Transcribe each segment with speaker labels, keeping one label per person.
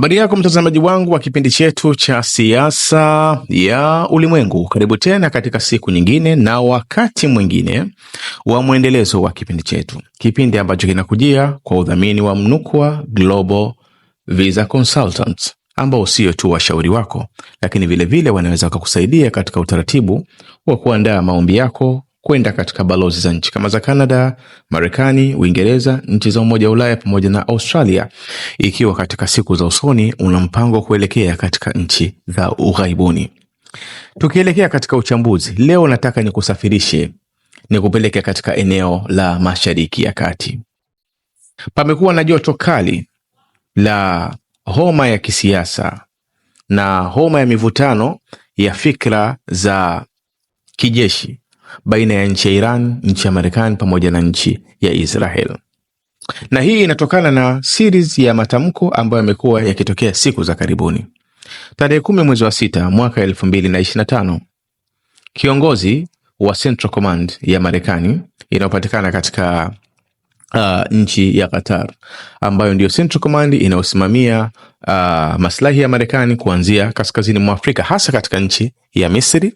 Speaker 1: Habari yako mtazamaji wangu wa kipindi chetu cha siasa ya ulimwengu, karibu tena katika siku nyingine na wakati mwingine wa mwendelezo wa kipindi chetu, kipindi ambacho kinakujia kwa udhamini wa Mnukwa Global Visa Consultants, ambao sio tu washauri wako, lakini vilevile vile wanaweza wakakusaidia katika utaratibu wa kuandaa maombi yako kwenda katika balozi za nchi kama za Canada, Marekani, Uingereza, nchi za Umoja wa Ulaya pamoja na Australia, ikiwa katika siku za usoni una mpango wa kuelekea katika nchi za ughaibuni. Tukielekea katika uchambuzi leo, nataka nikusafirishe nikupeleke katika eneo la Mashariki ya Kati. Pamekuwa na joto kali la homa ya kisiasa na homa ya mivutano ya fikra za kijeshi baina ya nchi ya Iran, nchi ya Marekani pamoja na nchi ya Israel. Na hii inatokana na series ya matamko ambayo yamekuwa yakitokea siku za karibuni. Tarehe kumi mwezi wa sita mwaka 2025 kiongozi wa Central Command ya Marekani inayopatikana katika uh, nchi ya Qatar ambayo ndiyo Central Command inayosimamia uh, maslahi ya Marekani kuanzia kaskazini mwa Afrika hasa katika nchi ya Misri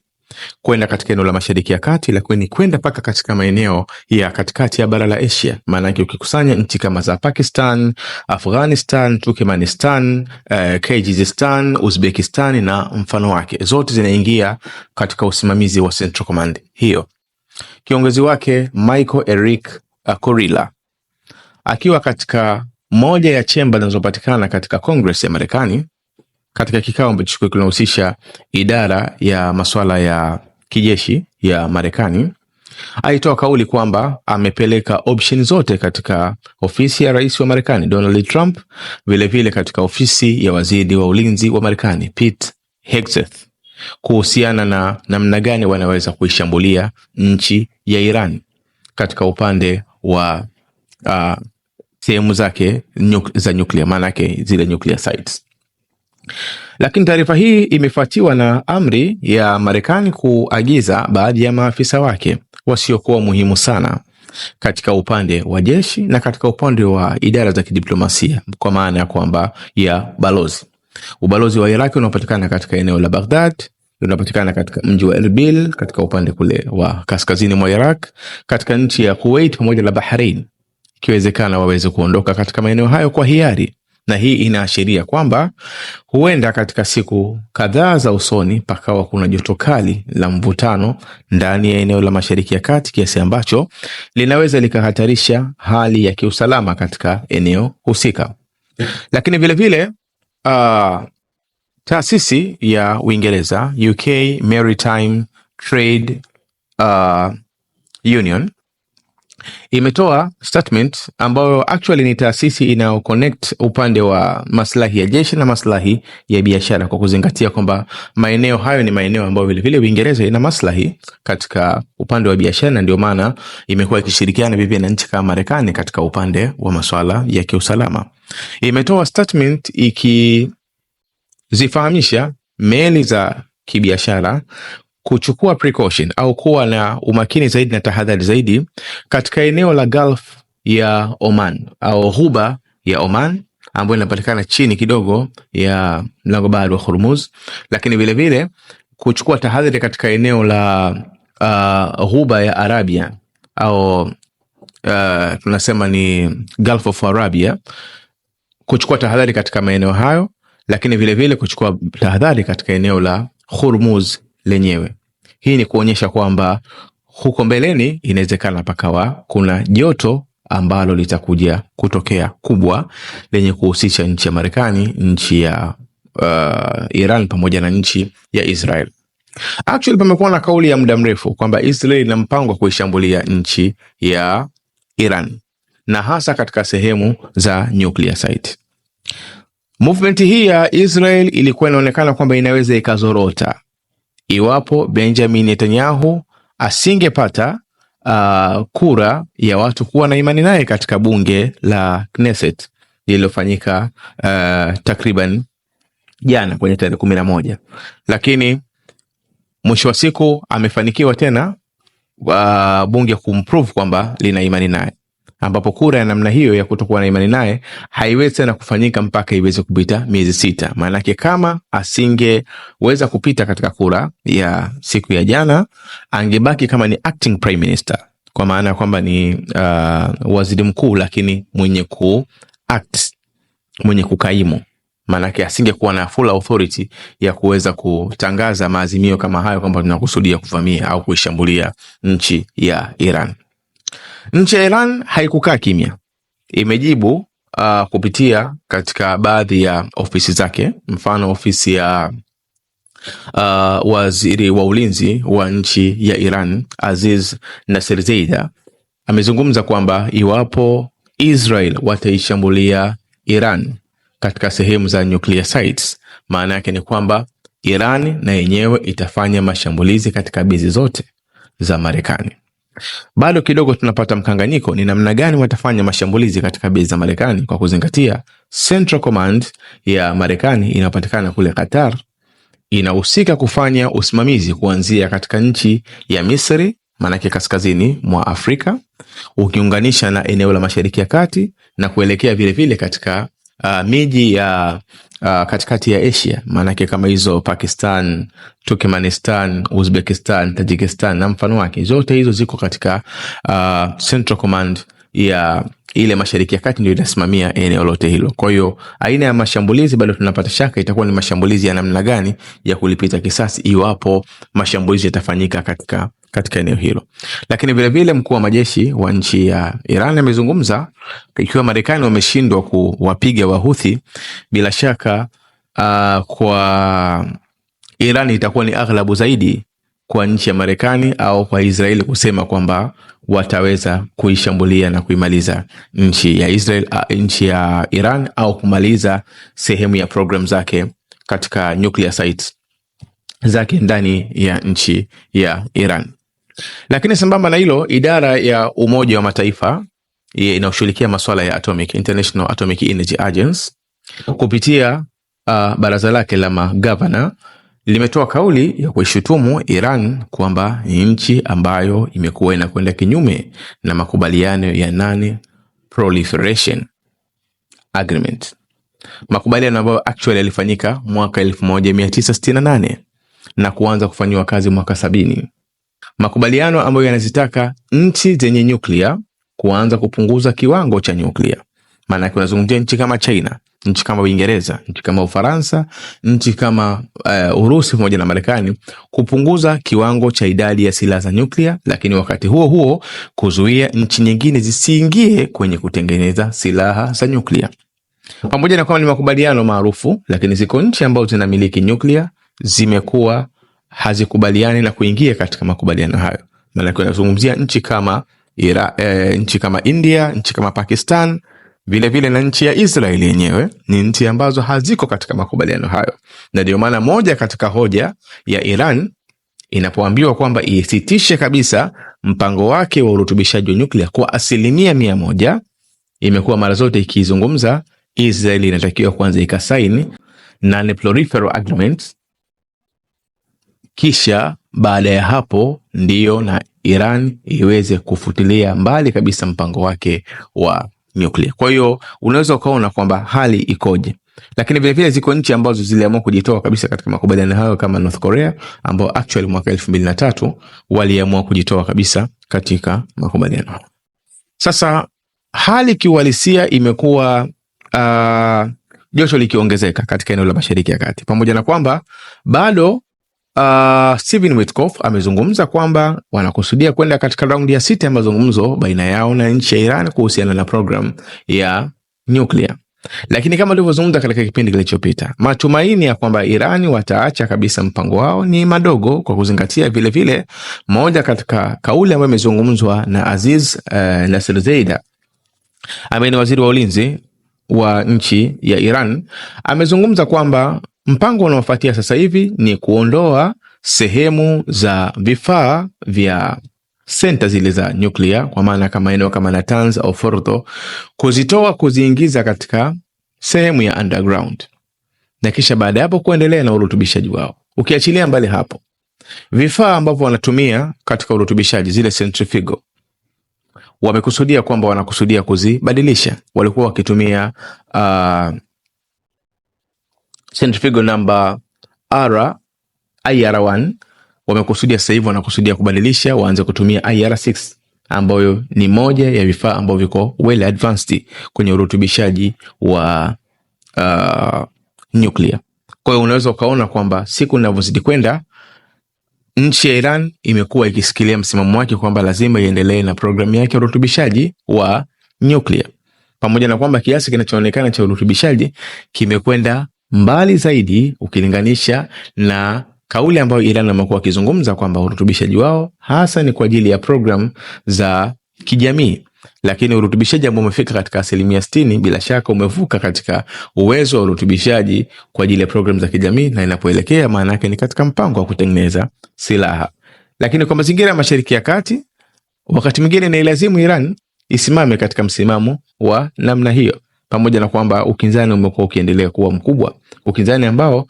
Speaker 1: kwenda katika eneo la Mashariki ya Kati, lakini kwenda mpaka katika maeneo ya katikati ya bara la Asia. Maanake ukikusanya nchi kama za Pakistan, Afghanistan, Turkmenistan, eh, Kyrgyzstan, Uzbekistan na mfano wake, zote zinaingia katika usimamizi wa Central Command hiyo. Kiongozi wake Michael Eric Korila akiwa katika moja ya chemba zinazopatikana katika Congress ya Marekani katika kikao ambacho kinahusisha idara ya masuala ya kijeshi ya Marekani alitoa kauli kwamba amepeleka option zote katika ofisi ya rais wa Marekani Donald Trump, vilevile vile katika ofisi ya waziri wa ulinzi wa Marekani Pete Hegseth kuhusiana na namna gani wanaweza kuishambulia nchi ya Iran katika upande wa uh, sehemu zake nyuk za nyuklia, maanake zile nuclear sites. Lakini taarifa hii imefuatiwa na amri ya Marekani kuagiza baadhi ya maafisa wake wasiokuwa muhimu sana katika upande wa jeshi na katika upande wa idara za kidiplomasia, kwa maana ya kwamba ya balozi. Ubalozi wa Iraki unaopatikana katika eneo la Baghdad unapatikana katika mji wa Erbil katika upande kule wa kaskazini mwa Iraq, katika nchi ya Kuwait pamoja na Bahrain. Ikiwezekana waweze kuondoka katika maeneo hayo kwa hiari na hii inaashiria kwamba huenda katika siku kadhaa za usoni pakawa kuna joto kali la mvutano ndani ya eneo la Mashariki ya Kati kiasi ambacho linaweza likahatarisha hali ya kiusalama katika eneo husika. Lakini vilevile uh, ah, taasisi ya Uingereza UK Maritime Trade uh, Union imetoa statement ambayo actually ni taasisi inayoconnect upande wa maslahi ya jeshi na maslahi ya biashara, kwa kuzingatia kwamba maeneo hayo ni maeneo ambayo vilevile Uingereza ina maslahi katika upande wa biashara, na ndio maana imekuwa ikishirikiana vivi na nchi kama Marekani katika upande wa masuala ya kiusalama. Imetoa statement ikizifahamisha meli za kibiashara kuchukua precaution au kuwa na umakini zaidi na tahadhari zaidi katika eneo la Gulf ya Oman au Ghuba ya Oman ambayo inapatikana chini kidogo ya mlango bahari wa Hormuz, lakini vilevile kuchukua tahadhari katika eneo la uh, Ghuba ya Arabia au uh, tunasema ni Gulf of Arabia, kuchukua tahadhari katika maeneo hayo, lakini vilevile kuchukua tahadhari katika eneo la Hormuz lenyewe. Hii ni kuonyesha kwamba huko mbeleni inawezekana pakawa kuna joto ambalo litakuja kutokea kubwa lenye kuhusisha nchi ya Marekani, nchi ya uh, Iran pamoja na nchi ya Israel. Actually, pamekuwa na kauli ya muda mrefu kwamba Israel ina mpango wa kuishambulia nchi ya Iran na hasa katika sehemu za nuclear site. Movement hii ya Israel ilikuwa inaonekana kwamba inaweza ikazorota iwapo Benjamin Netanyahu asingepata uh, kura ya watu kuwa na imani naye katika bunge la Knesset lililofanyika uh, takriban jana kwenye tarehe kumi na moja, lakini mwisho wa siku amefanikiwa tena uh, bunge kumprove kwamba lina imani naye ambapo kura ya namna hiyo ya kutokuwa na imani naye haiwezi tena kufanyika mpaka iweze kupita miezi sita. Maanake kama asingeweza kupita katika kura ya siku ya jana, angebaki kama ni acting prime minister, kwa maana ya kwamba ni uh, waziri mkuu lakini mwenye ku act, mwenye kukaimu maanake asingekuwa na full authority ya kuweza kutangaza maazimio kama hayo kwamba tunakusudia kuvamia au kuishambulia nchi ya Iran. Nchi ya Iran haikukaa kimya, imejibu uh, kupitia katika baadhi ya ofisi zake, mfano ofisi ya uh, waziri wa ulinzi wa nchi ya Iran Aziz Zeida amezungumza kwamba iwapo Israel wataishambulia Iran katika sehemu za nuclear sites, maana yake ni kwamba Iran na yenyewe itafanya mashambulizi katika bezi zote za Marekani. Bado kidogo tunapata mkanganyiko ni namna gani watafanya mashambulizi katika bei za Marekani kwa kuzingatia Central Command ya Marekani inayopatikana kule Qatar inahusika kufanya usimamizi kuanzia katika nchi ya Misri, maanake kaskazini mwa Afrika, ukiunganisha na eneo la Mashariki ya Kati na kuelekea vilevile vile katika uh, miji ya uh, katikati ya Asia, maanake kama hizo Pakistan, turkmanistan Uzbekistan, Tajikistan na mfano wake, zote hizo ziko katika uh, Central Command ya ile Mashariki ya Kati ndio inasimamia eneo lote hilo. Kwa hiyo aina ya mashambulizi bado tunapata shaka itakuwa ni mashambulizi ya namna gani ya kulipita kisasi, iwapo mashambulizi yatafanyika katika katika eneo hilo. Lakini vilevile mkuu wa majeshi wa nchi ya Iran amezungumza, ikiwa Marekani wameshindwa kuwapiga Wahuthi, bila shaka uh, kwa Iran itakuwa ni aghlabu zaidi kwa nchi ya Marekani au kwa Israeli kusema kwamba wataweza kuishambulia na kuimaliza nchi ya Israel, uh, nchi ya Iran au kumaliza sehemu ya programu zake katika nuclear sites zake ndani ya nchi ya Iran. Lakini sambamba na hilo, idara ya Umoja wa Mataifa inayoshughulikia masuala ya atomic, International Atomic Energy Agency kupitia uh, baraza lake la magavana limetoa kauli ya kuishutumu Iran kwamba ni nchi ambayo imekuwa inakwenda kinyume na makubaliano ya nane proliferation agreement, makubaliano ambayo actually yalifanyika mwaka 1968 na kuanza kufanyiwa kazi mwaka sabini makubaliano ambayo yanazitaka nchi zenye nyuklia kuanza kupunguza kiwango cha nyuklia. Maana yake unazungumzia nchi kama China, nchi kama Uingereza, nchi kama Ufaransa, nchi kama uh, Urusi pamoja na Marekani kupunguza kiwango cha idadi ya silaha za nyuklia, lakini wakati huo huo kuzuia nchi nyingine zisiingie kwenye kutengeneza silaha za nyuklia. Pamoja na kwamba ni makubaliano maarufu, lakini ziko nchi ambazo zinamiliki nyuklia zimekuwa hazikubaliani na kuingia katika makubaliano hayo. Maanake unazungumzia nchi kama Ira, e, nchi kama India, nchi kama Pakistan vilevile vile na nchi ya israel yenyewe ni nchi ambazo haziko katika makubaliano hayo, na ndio maana moja katika hoja ya Iran inapoambiwa kwamba isitishe kabisa mpango wake wa urutubishaji wa nyuklia kwa asilimia mia moja, imekuwa mara zote ikizungumza Israel inatakiwa kwanza ikasaini non-proliferation agreement kisha baada ya hapo ndiyo na Iran iweze kufutilia mbali kabisa mpango wake wa nyuklia. Kwa hiyo unaweza ukaona kwamba hali ikoje, lakini vilevile ziko nchi ambazo ziliamua kujitoa kabisa katika makubaliano hayo kama North Korea, ambao actually mwaka elfu mbili na tatu waliamua kujitoa kabisa katika makubaliano hayo. Sasa hali kiuhalisia imekuwa uh, joto likiongezeka katika eneo la Mashariki ya Kati, pamoja na kwamba bado Uh, ah, Steven Witkoff amezungumza kwamba wanakusudia kwenda katika raundi ya sita ya mazungumzo baina yao na nchi ya Iran kuhusiana na programu ya nyuklia, lakini kama tulivyozungumza katika kipindi kilichopita, matumaini ya kwamba Iran wataacha kabisa mpango wao ni madogo, kwa kuzingatia vilevile vile, moja katika kauli ambayo imezungumzwa na Aziz uh, eh, Nasirzeida ambaye ni waziri wa ulinzi wa nchi ya Iran amezungumza kwamba Mpango unaofuatia sasa hivi ni kuondoa sehemu za vifaa vya senta zile za nyuklia, kwa maana kama eneo kama Natanz au Fordo, kuzitoa kuziingiza katika sehemu ya underground, na kisha baada ya hapo kuendelea na urutubishaji wao. Ukiachilia mbali hapo vifaa ambavyo wanatumia katika urutubishaji zile centrifugal, wamekusudia kwamba wanakusudia kuzibadilisha. Walikuwa wakitumia uh, centrifugal number R IR1 wamekusudia sasa hivi wanakusudia kubadilisha waanze kutumia IR6 ambayo ni moja ya vifaa ambavyo viko well advanced kwenye urutubishaji wa uh, nuclear. Kwa hiyo unaweza ukaona kwamba siku inavyozidi kwenda nchi ya Iran imekuwa ikisikilia msimamo wake kwamba lazima iendelee na programu yake ya urutubishaji wa nuclear, pamoja na kwamba kiasi kinachoonekana cha urutubishaji kimekwenda mbali zaidi ukilinganisha na kauli ambayo Iran wamekuwa wakizungumza kwamba urutubishaji wao hasa ni kwa ajili ya programu za kijamii, lakini urutubishaji ambao umefika katika asilimia sitini bila shaka umevuka katika uwezo wa urutubishaji kwa ajili ya programu za kijamii, na inapoelekea maana yake ni katika mpango wa kutengeneza silaha. Lakini kwa mazingira ya Mashariki ya Kati, wakati mwingine inailazimu Iran isimame katika msimamo wa namna hiyo pamoja na kwamba ukinzani umekuwa ukiendelea kuwa mkubwa, ukinzani ambao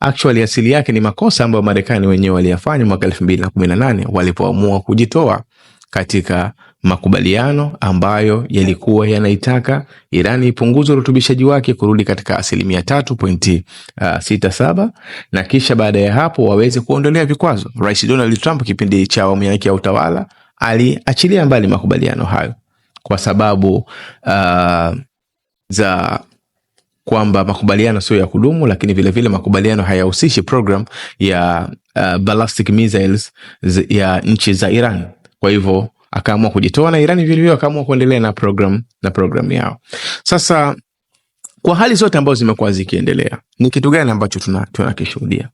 Speaker 1: actually asili yake ni makosa ambayo Marekani wenyewe waliyafanya mwaka nane walipoamua kujitoa katika makubaliano ambayo yalikuwa yanaitaka Iran ipunguze urutubishaji wake kurudi katika asilimia tatu pointi uh, sita saba na kisha baada ya hapo waweze kuondolea vikwazo. Rais Donald Trump kipindi cha awamu yake ya utawala aliachilia mbali makubaliano hayo kwa sababu uh, za kwamba makubaliano sio ya kudumu, lakini vilevile vile makubaliano hayahusishi program ya uh, ballistic missiles ya nchi za Iran. Kwa hivyo akaamua kujitoa na Iran vilevile akaamua kuendelea na program na program yao. Sasa kwa hali zote ambazo zimekuwa zikiendelea, ni kitu gani ambacho tunakishuhudia? Tuna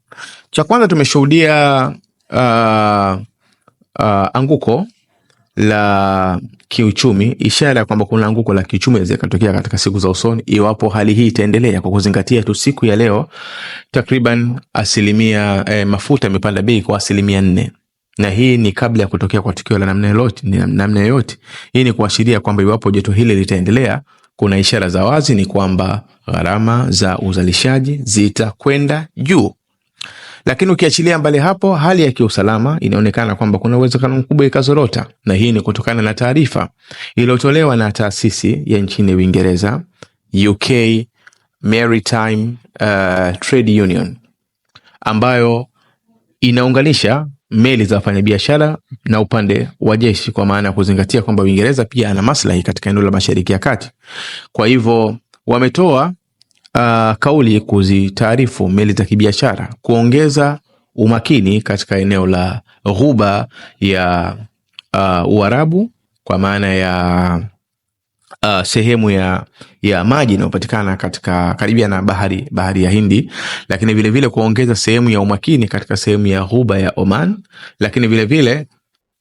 Speaker 1: cha kwanza tumeshuhudia uh, uh, anguko la kiuchumi, ishara ya kwamba kuna anguko la kiuchumi inaweza ikatokea katika siku za usoni iwapo hali hii itaendelea, kwa kuzingatia tu siku ya leo takriban asilimia eh, mafuta yamepanda bei kwa asilimia nne na hii ni kabla ya kutokea kwa tukio la namna yoyote namna yoyote. Hii ni kuashiria kwamba iwapo joto hili litaendelea, kuna ishara za wazi ni kwamba gharama za uzalishaji zitakwenda juu. Lakini ukiachilia mbali hapo, hali ya kiusalama inaonekana kwamba kuna uwezekano mkubwa ikazorota, na hii ni kutokana na taarifa iliyotolewa na taasisi ya nchini Uingereza, UK Maritime uh, Trade Union ambayo inaunganisha meli za wafanyabiashara na upande wa jeshi, kwa maana ya kuzingatia kwamba Uingereza pia ana maslahi katika eneo la Mashariki ya Kati. Kwa hivyo wametoa uh, kauli kuzitaarifu meli za kibiashara kuongeza umakini katika eneo la ghuba ya uh, Uarabu kwa maana ya uh, sehemu ya, ya maji inayopatikana katika karibia na bahari, bahari ya Hindi, lakini vilevile kuongeza sehemu ya umakini katika sehemu ya ghuba ya Oman, lakini vilevile vile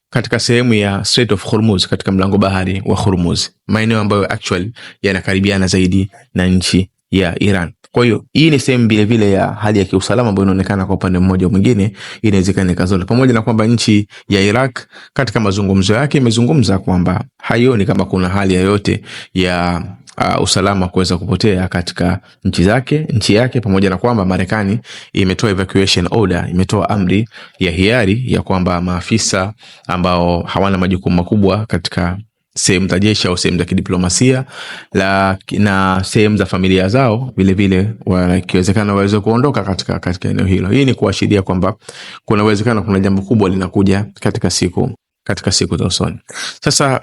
Speaker 1: katika sehemu ya Strait of Hormuz, katika mlango bahari wa Hormuz, maeneo ambayo actually yanakaribiana zaidi na nchi ya Iran. Kwa hiyo hii ni sehemu vilevile ya hali ya kiusalama ambayo inaonekana kwa upande mmoja mwingine inawezekana ikazola, pamoja na kwamba nchi ya Iraq katika mazungumzo yake imezungumza kwamba haioni kama kuna hali yoyote ya Uh, usalama kuweza kupotea katika nchi zake nchi yake, pamoja na kwamba Marekani imetoa evacuation order, imetoa amri ya hiari ya kwamba maafisa ambao hawana majukumu makubwa katika sehemu za jeshi au sehemu za kidiplomasia la, na sehemu za familia zao vilevile, wakiwezekana waweze kuondoka katika, katika eneo hilo. Hii ni kuashiria kwamba kuna uwezekano kuna jambo kubwa linakuja katika siku katika siku za usoni. Sasa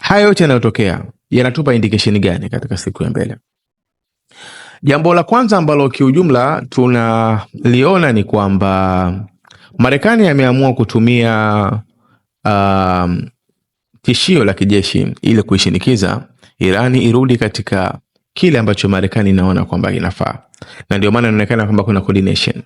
Speaker 1: haya yote yanayotokea yanatupa indication gani katika siku ya mbele? Jambo la kwanza ambalo kiujumla tunaliona ni kwamba Marekani ameamua kutumia um, tishio la kijeshi ili kuishinikiza Irani irudi katika kile ambacho Marekani inaona kwamba inafaa, na ndio maana inaonekana kwamba kuna coordination,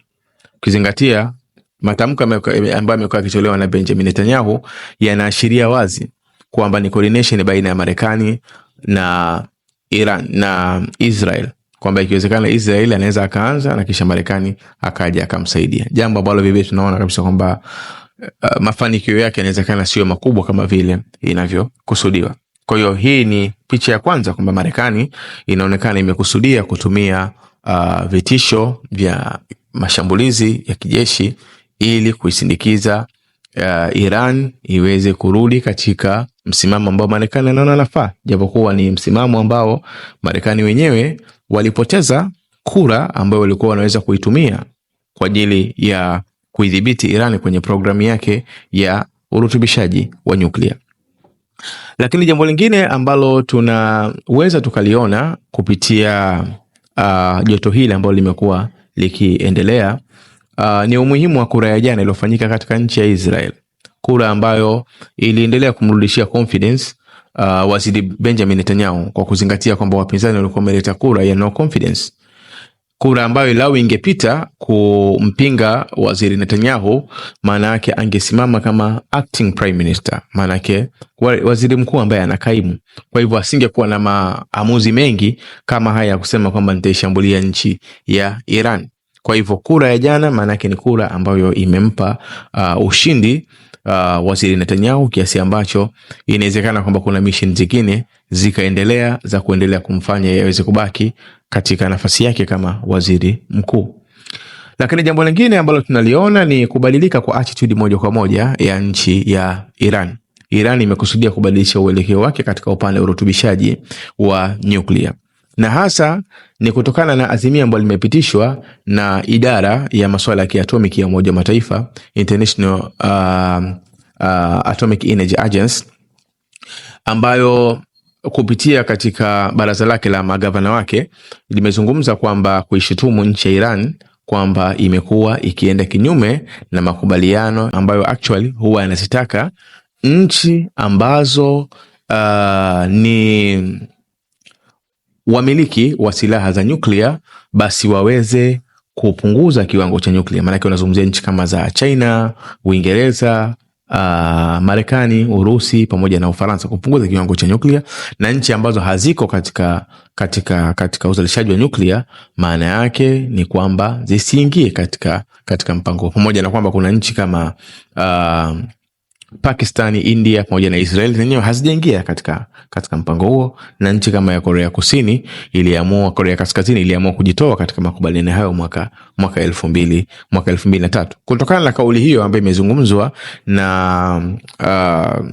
Speaker 1: ukizingatia matamko ambayo eh, amekuwa akitolewa na Benjamin Netanyahu yanaashiria wazi kwamba ni coordination baina ya Marekani na Iran na Israel kwamba ikiwezekana Israel anaweza akaanza na kisha Marekani akaja akamsaidia, jambo ambalo vivyo tunaona kabisa kwamba uh, mafanikio yake yanawezekana sio makubwa kama vile inavyokusudiwa. Kwa hiyo hii ni picha ya kwanza kwamba Marekani inaonekana imekusudia kutumia uh, vitisho vya mashambulizi ya kijeshi ili kuisindikiza uh, Iran iweze kurudi katika msimamo ambao Marekani anaona nafaa, japokuwa ni msimamo ambao Marekani wenyewe walipoteza kura ambayo walikuwa wanaweza kuitumia kwa ajili ya kuidhibiti Iran kwenye programu yake ya urutubishaji wa nyuklia. Lakini jambo lingine ambalo tunaweza tukaliona kupitia uh, joto hili ambalo limekuwa likiendelea uh, ni umuhimu wa kura ya jana iliyofanyika katika nchi ya Israel, kura ambayo iliendelea kumrudishia confidence uh, waziri Benjamin Netanyahu kwa kuzingatia kwamba wapinzani walikuwa wameleta kura ya no confidence kura ambayo ilau ingepita kumpinga waziri Netanyahu, maana yake angesimama kama acting prime minister, maana yake waziri mkuu ambaye anakaimu. Kwa hivyo asingekuwa na maamuzi mengi kama haya ya kusema kwamba nitaishambulia nchi ya Iran. Kwa hivyo kura ya jana maana yake ni kura ambayo imempa uh, ushindi uh, waziri Netanyahu, kiasi ambacho inawezekana kwamba kuna mission zingine zikaendelea za kuendelea kumfanya yeye aweze kubaki katika nafasi yake kama waziri mkuu. Lakini jambo lingine ambalo tunaliona ni kubadilika kwa attitude moja kwa moja ya nchi ya Iran. Iran imekusudia kubadilisha uelekeo wake katika upande wa urutubishaji wa nyuklia na hasa ni kutokana na azimio ambalo limepitishwa na idara ya masuala ya kiatomiki ya Umoja wa Mataifa, International uh, uh, Atomic Energy Agency ambayo kupitia katika baraza lake la magavana wake limezungumza kwamba kuishutumu nchi ya Iran kwamba imekuwa ikienda kinyume na makubaliano ambayo actually huwa yanazitaka nchi ambazo uh, ni wamiliki wa silaha za nyuklia basi waweze kupunguza kiwango cha nyuklia. Maanake unazungumzia nchi kama za China, Uingereza, uh, Marekani, Urusi pamoja na Ufaransa kupunguza kiwango cha nyuklia, na nchi ambazo haziko katika, katika, katika uzalishaji wa nyuklia, maana yake ni kwamba zisiingie katika, katika mpango, pamoja na kwamba kuna nchi kama uh, Pakistani, India pamoja na Israel zenyewe hazijaingia katika, katika mpango huo, na nchi kama ya Korea Kusini iliamua, Korea Kaskazini iliamua kujitoa katika makubaliano hayo mwaka mwaka elfu mbili mwaka elfu mbili na tatu kutokana na kauli hiyo ambayo imezungumzwa na uh,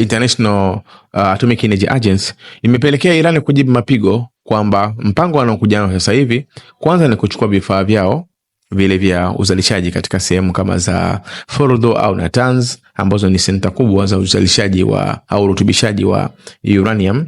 Speaker 1: International uh, Atomic Energy Agency imepelekea Iran kujibu mapigo kwamba mpango wanaokujana sasa hivi kwanza ni kuchukua vifaa vyao vile vya uzalishaji katika sehemu kama za Fordo au Natanz ambazo ni senta kubwa za uzalishaji wa au urutubishaji wa uranium,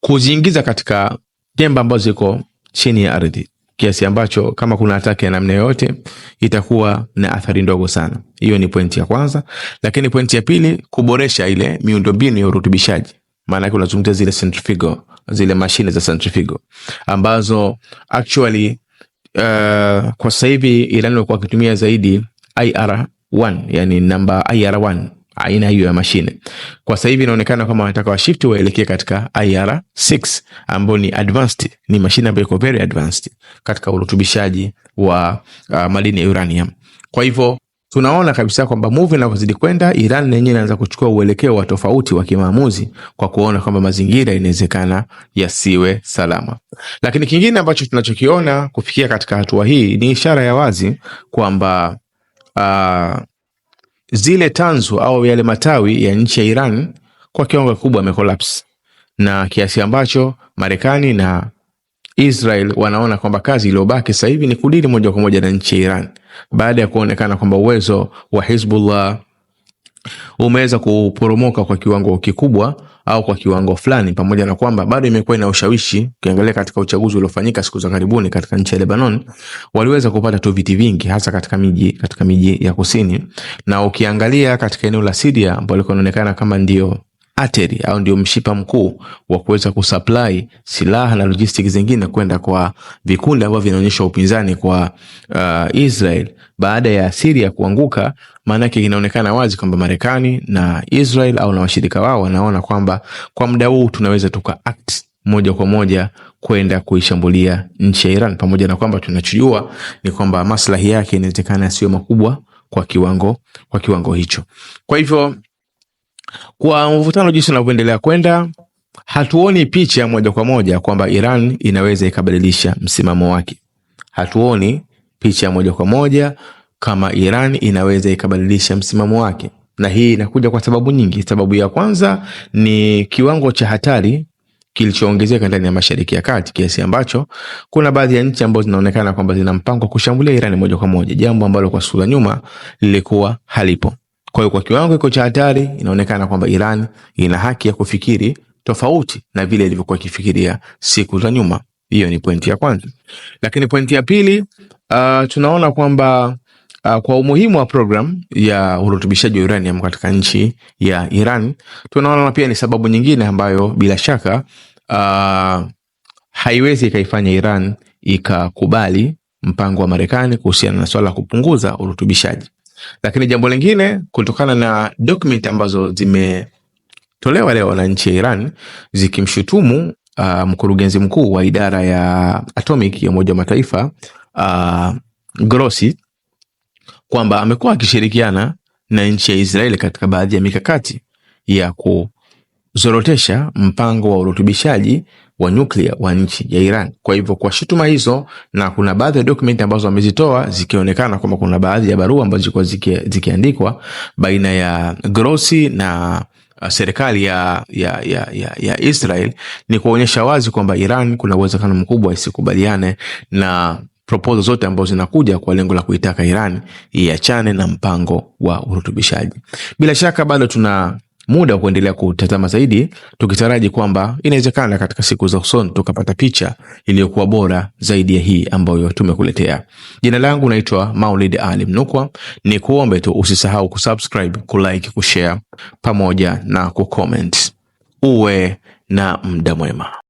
Speaker 1: kuziingiza katika chemba ambazo ziko chini ya ardhi kiasi ambacho kama kuna ataki ya namna yoyote itakuwa na athari ndogo sana. Hiyo ni pointi ya kwanza, lakini pointi ya pili, kuboresha ile miundombinu ya urutubishaji. Maana yake unazungumzia zile centrifugal, zile mashine za centrifugal ambazo actually Uh, kwa sasa hivi Iran walikuwa wakitumia zaidi IR1, yani namba IR1 aina hiyo ya mashine. Kwa sasa hivi inaonekana kama wanataka washifti waelekee katika IR6 ambayo ni advanced, ni mashine ambayo iko very advanced katika urutubishaji wa uh, madini ya uranium. Kwa hivyo Tunaona kabisa kwamba muvi inavyozidi kwenda, Iran na yenyewe inaanza kuchukua uelekeo wa tofauti wa kimaamuzi kwa kuona kwamba mazingira inawezekana yasiwe salama. Lakini kingine ambacho tunachokiona kufikia katika hatua hii ni ishara ya wazi kwamba uh, zile tanzu au yale matawi ya nchi ya Iran kwa kiwango kikubwa yamekolapsi na kiasi ambacho Marekani na Israel wanaona kwamba kazi iliyobaki sasa hivi ni kudili moja kwa moja na nchi ya Iran baada ya kuonekana kwamba uwezo wa Hizbullah umeweza kuporomoka kwa kiwango kikubwa au kwa kiwango fulani, pamoja na kwamba bado imekuwa ina ushawishi. Ukiangalia katika uchaguzi uliofanyika siku za karibuni katika nchi ya Lebanon, waliweza kupata tu viti vingi, hasa katika miji katika miji ya kusini, na ukiangalia katika eneo la Siria ambalo inaonekana kama ndio ateri au ndio mshipa mkuu wa kuweza kusupply silaha na logistics zingine kwenda kwa vikundi ambavyo vinaonyesha upinzani kwa uh, Israel baada ya Syria kuanguka. Maanake inaonekana wazi kwamba Marekani na Israel au na washirika wao wanaona kwamba kwa muda huu tunaweza tuka act moja kwa moja kwenda kuishambulia nchi ya Iran, pamoja na kwamba tunachojua ni kwamba maslahi yake inawezekana yasiyo makubwa kwa kiwango, kwa kiwango hicho. Kwa hivyo kwa mvutano jinsi unavyoendelea kwenda, hatuoni picha moja kwa moja kwamba Iran inaweza ikabadilisha msimamo wake. Hatuoni picha moja kwa moja kama Iran inaweza ikabadilisha msimamo wake, na hii inakuja kwa sababu nyingi. Sababu ya kwanza ni kiwango cha hatari kilichoongezeka ndani ya Mashariki ya Kati kiasi ambacho kuna baadhi ya nchi ambazo zinaonekana kwamba zina mpango wa kushambulia Iran moja kwa moja, jambo ambalo kwa sura nyuma lilikuwa halipo. Kwa hiyo kwa kiwango iko cha hatari, inaonekana kwamba Iran ina haki ya kufikiri tofauti na vile ilivyokuwa ikifikiria siku za nyuma. Hiyo ni pointi ya kwanza, lakini pointi ya pili uh, tunaona kwamba uh, kwa umuhimu wa program ya urutubishaji wa uranium katika nchi ya Iran, tunaona pia ni sababu nyingine ambayo bila shaka uh, haiwezi ikaifanya Iran ikakubali mpango wa Marekani kuhusiana na swala la kupunguza urutubishaji. Lakini jambo lingine, kutokana na dokumenti ambazo zimetolewa leo na nchi ya Iran zikimshutumu uh, mkurugenzi mkuu wa idara ya atomic ya Umoja wa Mataifa uh, Grossi kwamba amekuwa akishirikiana na nchi ya Israeli katika baadhi ya mikakati ya kuzorotesha mpango wa urutubishaji wa nyuklia wa nchi ya Iran. Kwa hivyo kwa shutuma hizo, na kuna baadhi ya dokumenti ambazo wamezitoa zikionekana kwamba kuna baadhi ya barua ambazo zilikuwa zikiandikwa baina ya Grossi na uh, serikali ya, ya, ya, ya, ya Israel ni kuonyesha wazi kwamba Iran kuna uwezekano mkubwa isikubaliane na proposal zote ambazo zinakuja kwa lengo la kuitaka Iran iachane na mpango wa urutubishaji. Bila shaka bado tuna muda wa kuendelea kutazama zaidi, tukitaraji kwamba inawezekana katika siku za usoni tukapata picha iliyokuwa bora zaidi ya hii ambayo tumekuletea. Jina langu naitwa Maulid Ali Mnukwa, ni kuombe tu usisahau kusubscribe, kulike, kushare pamoja na kucomment. Uwe na muda mwema.